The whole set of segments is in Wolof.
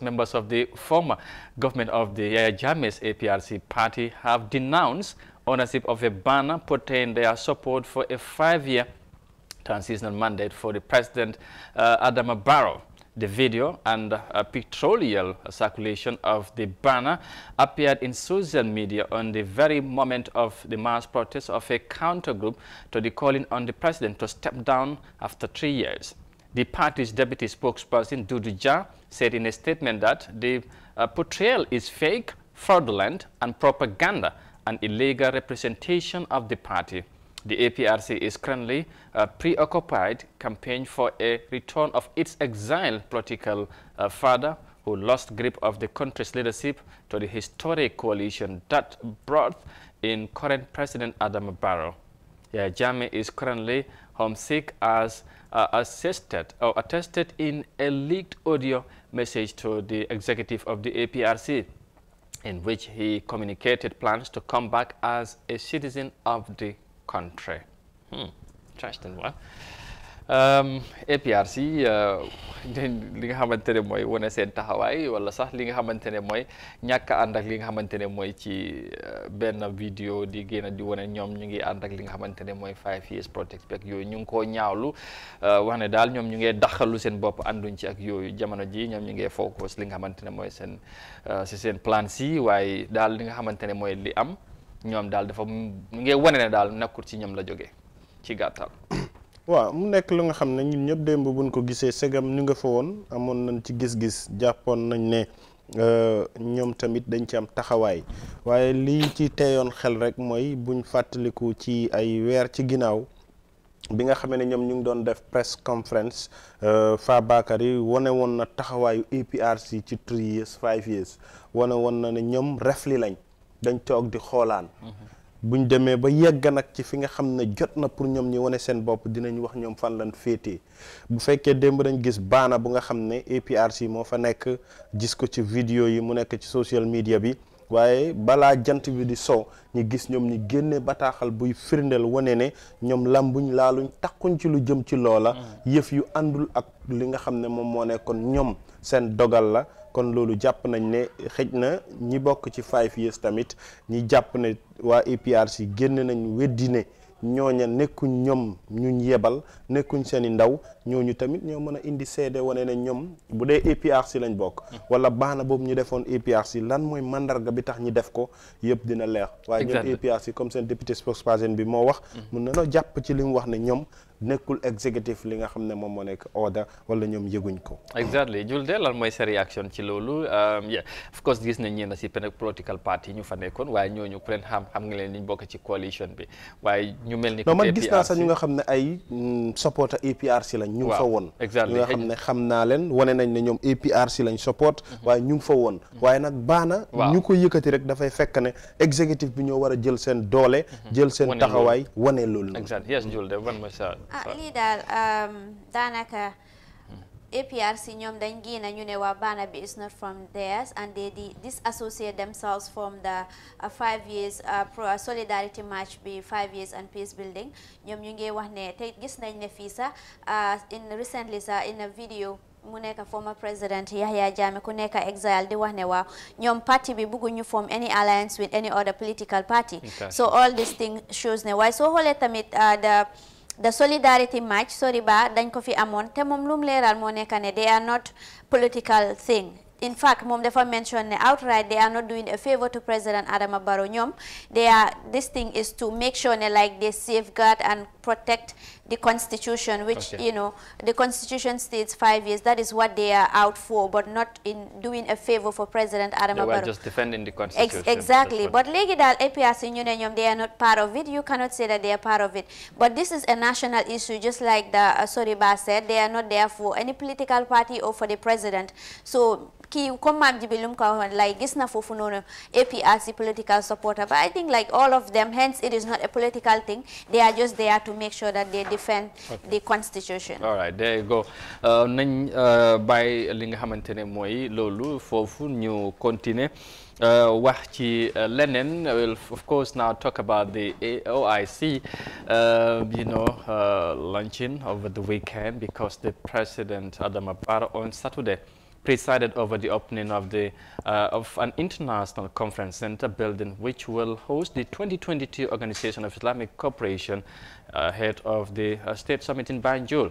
Members of the former government of the Yaya James APRC party have denounced ownership of a banner portraying their support for a five-year transitional mandate for the President uh, Adama Barrow. The video and uh, pictorial circulation of the banner appeared in social media on the very moment of the mass protest of a counter group to the calling on the president to step down after three years. The party's deputy spokesperson, Duduja, said in a statement that the uh, portrayal is fake, fraudulent, and propaganda, an illegal representation of the party. The APRC is currently uh, preoccupied campaign for a return of its exiled political uh, father who lost grip of the country's leadership to the historic coalition that brought in current President Adam Barrow. Yeah, is currently homesick as uh, assisted or attested in a leaked audio message to the executive of the APRC in which he communicated plans to come back as a citizen of the country. Hmm. Interesting one. Ehm, APRC eh, li nga xamante ne mooy wane seen taxawaay wala sax li nga xamante ne mooy ñàkk ànd ak li nga xamante ne mooy ci eh, benn vidéo di génn di wane ñoom ñu ngi ànd ak li nga xamante ne mooy five years protect back yooyu ñu ngi koo ñaawlu eh, wax ne daal ñoom ñu ngee daxalu seen bopp ànduñ ci ak yooyu jamono ji ñoom ñu ngee focus li nga xamante ne mooy seen si seen plan si waaye daal li nga xamante ne mooy li am ñoom daal dafa mu ngee wane ne daal nekkul ci ñoom la jógee ci gàttal waaw mu nekk lu nga xam ne ñun ñëpp démb ñu ko gisee segam ñu nga fa woon amoon nañ ci gis-gis jàppoon nañ ne euh, ñoom tamit dañ ci am taxawaay waaye li ci teeyoon xel rek mooy buñ fàttaliku ci ay weer ci ginnaaw bi nga xamee ne ñoom ñu ngi doon def press conference euh, Fa Bakary wane woon na taxawaayu APRC ci three years five years wane woon na ne ñoom ref li lañ dañ toog di xoolaan mm-hmm. buñ demee ba yegg nag ci fi nga xam ne jot na pour ñoom ñi wane seen bopp dinañ wax ñoom fan lan féete bu fekkee démb dañ gis baana bu nga xam ne APRC moo fa nekk gis ko ci vidéo yi mu nekk ci social media bi waaye balaa jant bi di sow ñu gis ñoom ñi génne bataaxal buy firndeel wane ne ñoom làmbuñ laaluñ takkuñ ci lu jëm ci loola mm. yëf yu àndul ak li nga xam ne moom moo ne kon ñoom seen dogal la kon loolu jàpp nañ ne xëj na ñi bokk ci five years tamit ñi jàpp ne waa APRC génne nañ weddi ne ñooña nekkuñ ñoom ñu yebal nekkuñ seen i ndaw ñooñu tamit ñoo mën a indi seede wane ne ñoom bu dee APRC lañ bokk wala baana boobu ñu defoon APRC lan mooy mandarga bi tax ñi def ko yëpp dina leex waaye ñun APRC comme seen député spokesperson bi moo wax mm. mun na noo jàpp ci li mu wax ne ñoom nekkul exécutif li nga xam ne moom moo nekk order wala ñoom yëguñ ko. exactly jul de lan mooy sa réaction ci loolu um, of course gis nañ ñenn si peut political party ñu fa nekkoon waaye ñooñu peut être xam xam nga leen niñ bokk ci coalition bi waaye ñu mel ni. non man gis naa sax ñu nga xam ne ay mm, supporter APRC lañ. ñu ngi woon. exactly ñu xam ne xam naa leen wane nañ ne ñoom APRC lañ support. Mm-hmm. waaye ñu ngi fa woon. Mm-hmm. waaye nag baana. ñu ko yëkkati rek dafay fekk ne exécutif bi ñoo war a jël seen doole. Mm-hmm. jël seen taxawaay wane loolu. nag yes jul de ban mooy sa ah lii daal um, daanaka hmm. APRC ñoom dañ génn ñu ne waa baana Banabé is not from theirs and they disassociate themselves from the uh, five years uh, uh, solidarity march bi five years and peace building ñoom ñu ngi wax ne te gis nañ ne fii sax in recently sa in a video mu nekk former president Yahya Jammeh ku nekk exile di wax ne waaw ñoom parti bi bëgguñu form any alliance with any other political party so all these things shows ne waaye soo xoolee tamit the the solidarity march sorry ba dañ ko fi amoon te moom ne they are not political thing in fact mom dafa mention ne outright they are not doing a favor to President Adama Barrow they are this thing is to make sure ne like they safeguard and protect the constitution, which, okay. you know, the constitution states five years. That is what they are out for, but not in doing a favor for President Adam They were just defending the constitution. Ex exactly. But Legidal, APRC, they are not part of it. You cannot say that they are part of it. But this is a national issue, just like the uh, Soriba said. They are not there for any political party or for the president. So kii comme maam ji like APRC political supporter but I think like all of them hence it is not a political thing they are just there to to make sure that they defend okay. the constitution. all right there you go By uh, uh, bàyyi li nga Moi, ne mooy loolu foofu Uh, uh Lenin will, of course, now talk about the OIC, uh, you know, uh, luncheon over the weekend because the president, Adam Barrow, on Saturday, presided over the opening of, the, uh, of an international conference center building which will host the 2022 Organization of Islamic Cooperation ahead uh, of the uh, State Summit in Banjul.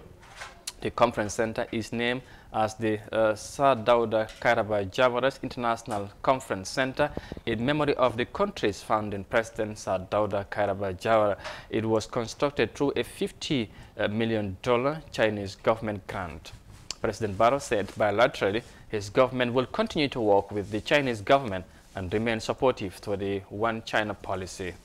The conference center is named as the uh, Sir Dauda Karabakh Javaras International Conference Center in memory of the country's founding president, Sir Dauda Karabakh Javara. It was constructed through a $50 uh, million Chinese government grant. President Barrow said bilaterally his government will continue to work with the Chinese government and remain supportive to the One China policy.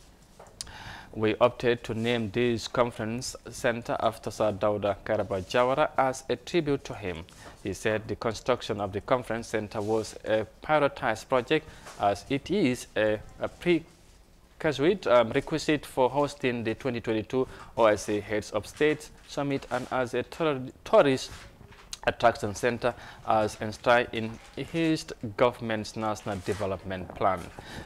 We opted to name this conference center after Sir Dauda Karaba Jawara as a tribute to him. He said the construction of the conference center was a prioritized project as it is a, a prerequisite um, requisite for hosting the 2022 OSCE Heads of State Summit and as a tourist Attraction Center as enshrined in his government's national development plan.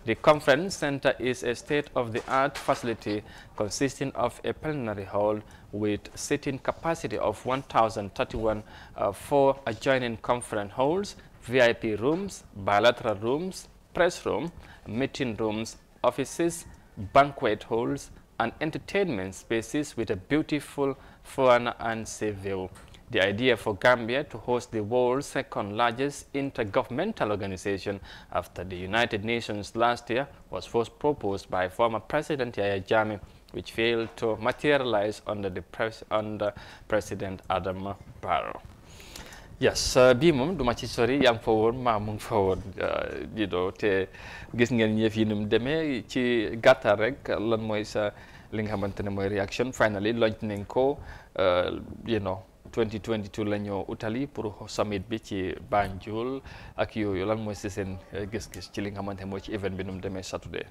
The conference center is a state-of-the-art facility consisting of a plenary hall with seating capacity of 1,031 uh, for adjoining conference halls, VIP rooms, bilateral rooms, press room, meeting rooms, offices, banquet halls, and entertainment spaces with a beautiful fauna and sea the idea for Gambia to host the world's second largest intergovernmental organization after the United Nations last year was first proposed by former President Yahya Jammeh which failed to materialize under the pres under President Adam Barrow. yes uh, bii moom du ma ci sori yaa ngi fa woon maa mu ngi fa di doo uh, te gis ngeen yëf yi ni mu demee ci gàttal rek lan mooy sa li nga xamante ne réaction finally launch nañ ko uh, you know 2022 la ñoo utali pour summit bi ci Banjul ak yooyu lan mooy si seen eh, gis-gis ci li nga xamante mooy ci event bi nu mu demee Saturday.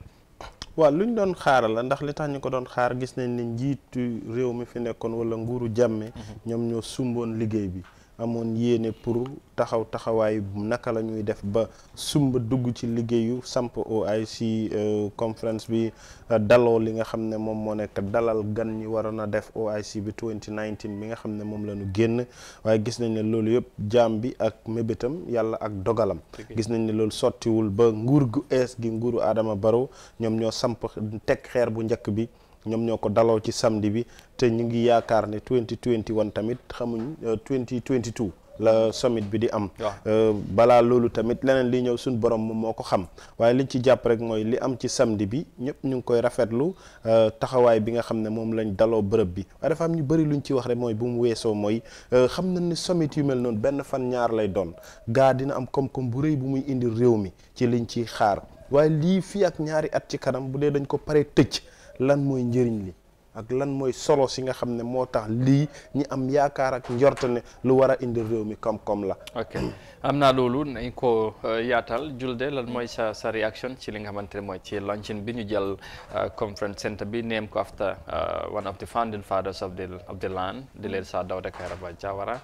waaw lu ñu doon xaara la ndax li tax ñu ko doon xaar gis nañ ni njiitu réew mi fi nekkoon wala nguuru jàmme mhm. ñoom ñoo sumboon liggéey bi. amoon yéene pour taxaw taxawaay bu naka la ñuy def ba sumba dugg ci liggéeyu samp OIC euh, conférence bi euh, daloo li nga xam ne moom moo nekk dalal gan ñi waroon na def OIC bi 2019 bi nga xam ne moom la ñu génn waaye gis nañ ne loolu yëpp jaam bi ak mébétam yàlla ak dogalam gis nañ ne loolu sottiwul ba nguur gu ees gi nguuru aadama Barrow ñoom ñoo samp teg xeer bu njëkk bi ñoom ñoo ko daloo ci samedi bi te ñu ngi yaakaar ne 2021 tamit xamuñ 2022 euh, la summit bi di am euh, balaa loolu tamit leneen li ñëw suñ borom moom moo ko xam waaye liñ ci jàpp rek mooy li am ci samedi bi ñëpp ñu ngi koy rafetlu euh, taxawaay bi nga xam ne moom lañ daloo bërëb bi waaye ñu bëri luñ ci wax rek mooy bu mu weesoo mooy xam nañ ni summit yu mel noonu benn fan ñaar lay doon gaa dina am koom bu rëy bu muy indi réew mi ci liñ ciy xaar waaye lii fii ak ñaari at ci kanam bu dee dañ ko paree tëj lan mooy njëriñ li ak lan mooy solo si nga xam ne moo tax lii ñi am yaakaar ak njort ne lu war a indi mi koom-koom la. ok am naa loolu nañ ko euh, yaatal de lan mooy sa sa si li nga xamante ne mooy ci launching bi ñu jël euh, conference center bi neem ko after euh, one of the founding fathers of the of the land di leen sa Dawda a Jawara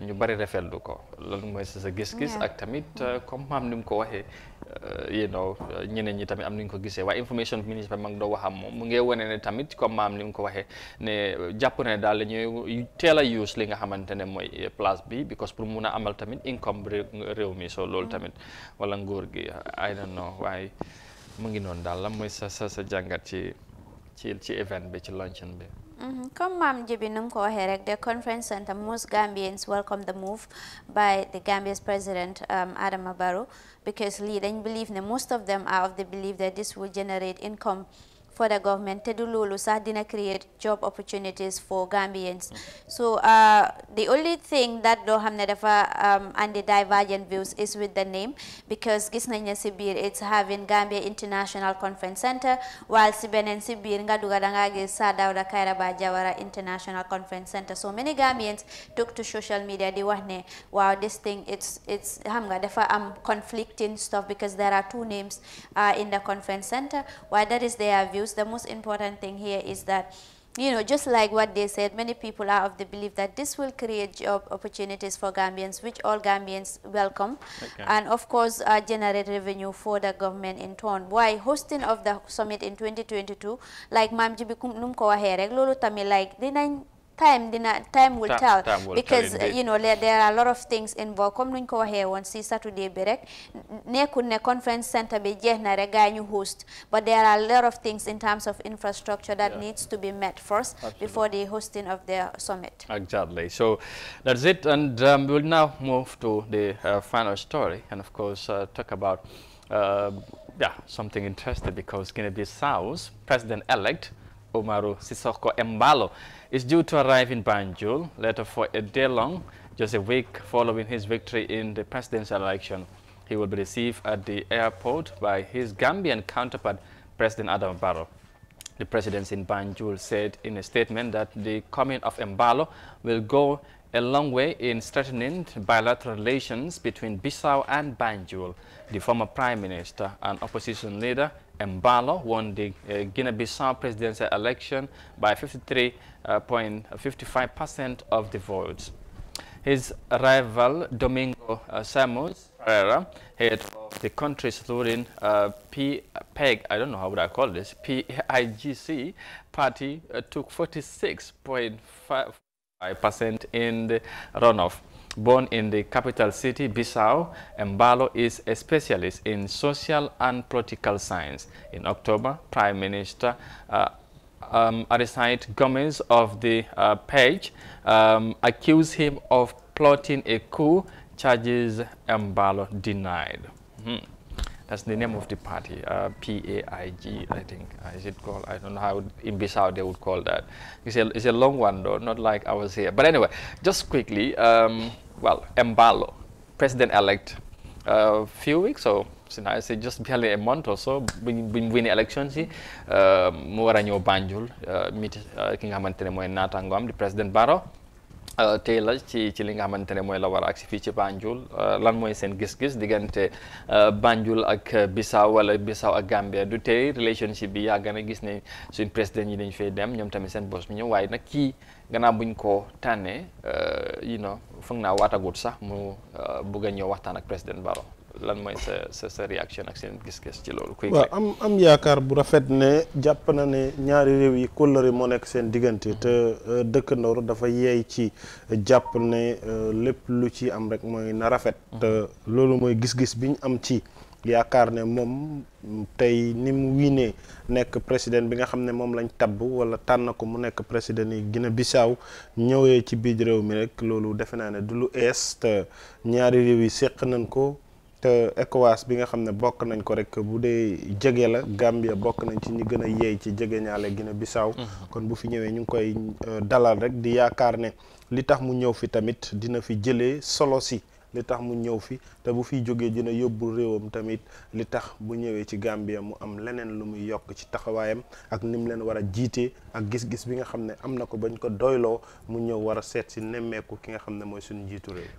ñu bari rafetlu ko lan mooy sa sa gis-gis. ak tamit comme maam ni ko waxee. you know ñeneen ñi tamit am nañu ko gisee waaye information ministre ni ko waxee ne jàpp ne daal la ñuy teel use li nga xamante ne mooy place bi because pour mun a amal tamit income réew mi soo loolu mm. tamit wala nguur gi I don't know waaye mu ngi noonu daal la mooy sa sa sa jàngat ci ci ci event bi ci luncheon bi mm-hmm. comme Mam Jibi nu ko waxee rek the conference center most Gambians welcome the move by the Gambia's president um, Adama Barrow because lii dañ believe ne most of them are of the belief that this will generate income for the government, Tedululu Sardina create job opportunities for Gambians. Mm -hmm. So uh, the only thing that do hamne dafa um, and the divergent views is with the name because gisnanya Sibir it's having Gambia International Conference Center while and Sibir nga dugadangage Sadauda ba Jawara International Conference Center. So many Gambians took to social media di wahne wow this thing it's it's hamga dafa am conflicting stuff because there are two names uh, in the conference center. Why that is their views because the most important thing here is that you know, just like what they said, many people are of the belief that this will create job opportunities for Gambians, which all Gambians welcome, okay. and of course uh, generate revenue for the government in turn. Why hosting of the summit in 2022, like Mam Jibi Numko Wahere, Lolo Tami, like, dinañ time dina uh, time will Ta tell time will because tell uh, you know there, there, are a lot of things involved comme nuñ here waxee woon saturday bi rek nekkul conference center bi jeex na rega host but there are a lot of things in terms of infrastructure that yeah. needs to be met first Absolutely. before the hosting of the summit exactly so that's it and um, we'll now move to the uh, final story and of course uh, talk about uh, yeah, something interesting because Guinea-Bissau's president-elect Omaru Sisoko Mbalo is due to arrive in Banjul later for a day long, just a week following his victory in the presidential election. He will be received at the airport by his Gambian counterpart, President Adam Barrow. The president in Banjul said in a statement that the coming of Mbalo will go a long way in strengthening bilateral relations between Bissau and Banjul. The former prime minister and opposition leader Mbalo won the uh, Guinea-Bissau presidential election by 53.55% uh, of the votes. His rival, Domingo uh, Samos Pereira, head of the country's ruling uh, PEG, I don't know how would I call this, PIGC party uh, took 46.5% in the runoff. Born in the capital city, Bissau, Mbalo is a specialist in social and political science. In October, Prime Minister uh, um, Gomez of the uh, page um, accused him of plotting a coup, charges Mbalo denied. Mm -hmm. That's the name of the party, uh, PAIG, I think. Uh, is it called? I don't know how in Bissau they would call that. It's a, it's a long one, though, not like I was here. But anyway, just quickly, um, well, Mbalo, president-elect, a uh, few weeks or so, I say just barely a month or so buñ buñ winee élection si uh, mu war a ñëw Banjul uh, meet uh, président Barrow Euh, tey la ci ci li nga xamante ne mooy la war a agsi fii ci Banjul euh, lan mooy seen gis-gis diggante euh, Banjul ak Bissau wala Bissau ak Gambia du tey relationship bi yàgg na gis ne suñ président yi dañ fay dem ñoom tamit seen bos mi ñëw waaye nag kii gannaaw buñ ko tànnee you know foog naa waatagut sax mu bugg a ñëw waxtaan ak président Barrow lan mooy sa sa sa ak seen gis-gis ci loolu. kuy waaw am am yaakaar bu rafet ne jàpp na ne ñaari réew yi kóllëre moo nekk seen diggante te euh, dëkkandoor dafa yeey ci jàpp ne euh, lépp lu ci am rek mooy na rafet. Mhm. te loolu mooy gis-gis bi ñu am ci. yaakaar ne moom tey ni mu wiinee nekk président bi nga xam ne moom lañ tabb wala tànn ko mu nekk président yi Guinée Bissau ñëwee ci biir réew mi rek loolu defe naa ne du lu ees te ñaari réew yi séq nañ ko te ECOWAS bi nga xam ne bokk nañ ko rek bu dee jege la Gambia bokk nañ ci ñi gën a yeey ci jege ñaale Guinée Bissau mm-hmm. kon bu fi ñëwee ñu ngi koy euh, dalal rek di yaakaar ne li tax mu ñëw fi tamit dina fi jëlee solo si li tax mu ñëw fi te bu fiy jógee dina yóbbu réewam tamit li tax bu ñëwee ci Gambia mu am leneen lu muy yokk ci taxawaayam ak ni mu leen war a jiitee ak gis-gis bi nga xam ne am na ko bañ ko doyloo mu ñëw war a seet si nemmeeku ki nga xam ne mooy suñu njiitu réew